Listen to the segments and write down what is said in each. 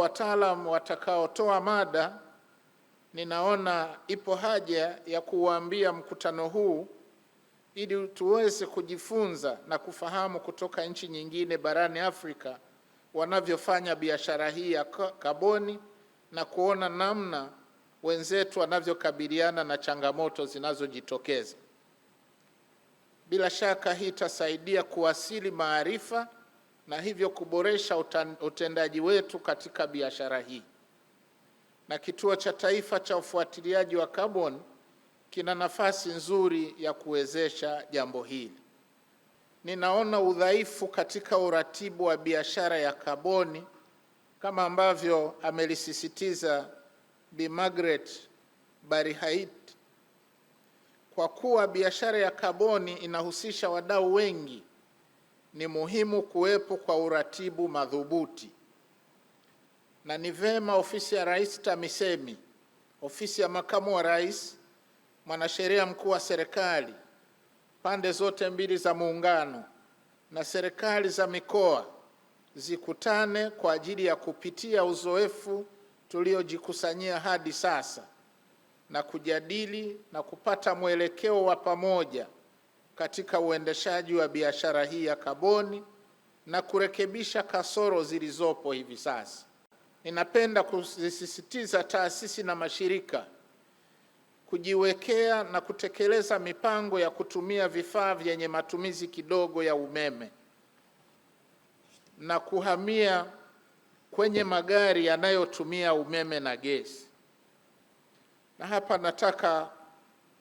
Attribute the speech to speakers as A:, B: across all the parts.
A: Wataalam watakaotoa mada, ninaona ipo haja ya kuwaambia mkutano huu ili tuweze kujifunza na kufahamu kutoka nchi nyingine barani Afrika wanavyofanya biashara hii ya kaboni na kuona namna wenzetu wanavyokabiliana na changamoto zinazojitokeza. Bila shaka hii itasaidia kuwasili maarifa na hivyo kuboresha utendaji wetu katika biashara hii. Na Kituo cha Taifa cha Ufuatiliaji wa Kaboni kina nafasi nzuri ya kuwezesha jambo hili. Ninaona udhaifu katika uratibu wa biashara ya kaboni kama ambavyo amelisisitiza Bi Margaret Barihait, kwa kuwa biashara ya kaboni inahusisha wadau wengi ni muhimu kuwepo kwa uratibu madhubuti, na ni vema ofisi ya Rais TAMISEMI, ofisi ya makamu wa rais, mwanasheria mkuu wa serikali, pande zote mbili za muungano na serikali za mikoa zikutane kwa ajili ya kupitia uzoefu tuliojikusanyia hadi sasa na kujadili na kupata mwelekeo wa pamoja katika uendeshaji wa biashara hii ya kaboni na kurekebisha kasoro zilizopo hivi sasa. Ninapenda kuzisisitiza taasisi na mashirika kujiwekea na kutekeleza mipango ya kutumia vifaa vyenye matumizi kidogo ya umeme na kuhamia kwenye magari yanayotumia umeme na gesi. Na hapa nataka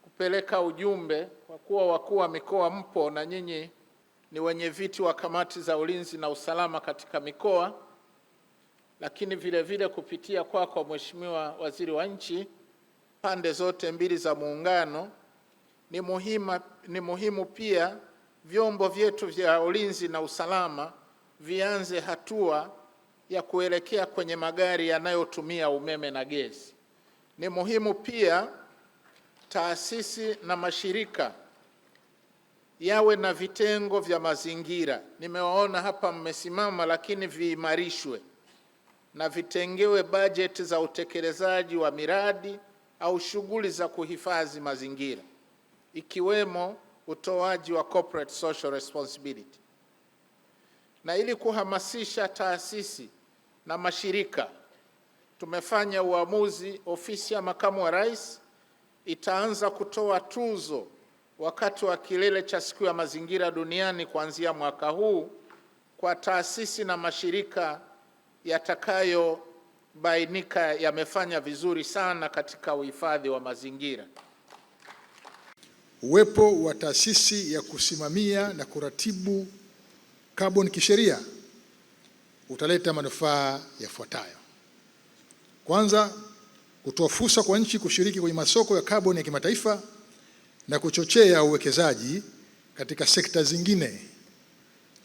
A: kupeleka ujumbe kwa kuwa wakuu wa mikoa mpo na nyinyi ni wenye viti wa kamati za ulinzi na usalama katika mikoa, lakini vile vile kupitia kwako kwa Mheshimiwa Waziri wa Nchi, pande zote mbili za muungano ni muhimu, ni muhimu pia vyombo vyetu vya ulinzi na usalama vianze hatua ya kuelekea kwenye magari yanayotumia umeme na gesi. Ni muhimu pia taasisi na mashirika yawe na vitengo vya mazingira. Nimewaona hapa mmesimama, lakini viimarishwe na vitengewe bajeti za utekelezaji wa miradi au shughuli za kuhifadhi mazingira, ikiwemo utoaji wa corporate social responsibility. Na ili kuhamasisha taasisi na mashirika, tumefanya uamuzi, ofisi ya makamu wa rais itaanza kutoa tuzo wakati wa kilele cha siku ya mazingira duniani kuanzia mwaka huu kwa taasisi na mashirika yatakayobainika yamefanya vizuri sana katika uhifadhi wa mazingira.
B: Uwepo wa taasisi ya kusimamia na kuratibu kaboni kisheria utaleta manufaa yafuatayo. Kwanza, kutoa fursa kwa nchi kushiriki kwenye masoko ya kaboni ya kimataifa na kuchochea uwekezaji katika sekta zingine,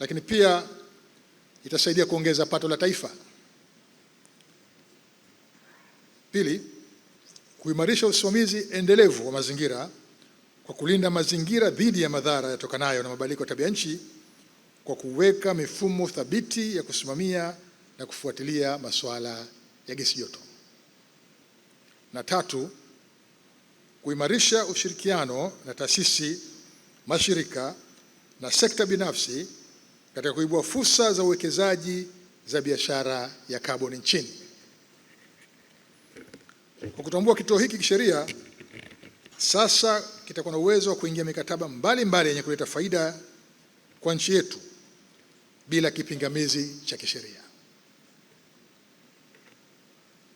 B: lakini pia itasaidia kuongeza pato la taifa. Pili, kuimarisha usimamizi endelevu wa mazingira kwa kulinda mazingira dhidi ya madhara yatokanayo na mabadiliko ya tabia nchi kwa kuweka mifumo thabiti ya kusimamia na kufuatilia masuala ya gesi joto. Na tatu, kuimarisha ushirikiano na taasisi, mashirika na sekta binafsi katika kuibua fursa za uwekezaji za biashara ya kaboni nchini. Kwa kutambua kituo hiki kisheria, sasa kitakuwa na uwezo wa kuingia mikataba mbalimbali yenye kuleta faida kwa nchi yetu bila kipingamizi cha kisheria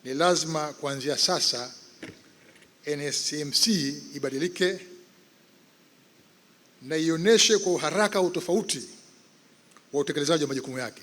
B: ni lazima kuanzia sasa NSCMC ibadilike na ionyeshe kwa uharaka utofauti wa utekelezaji wa majukumu yake.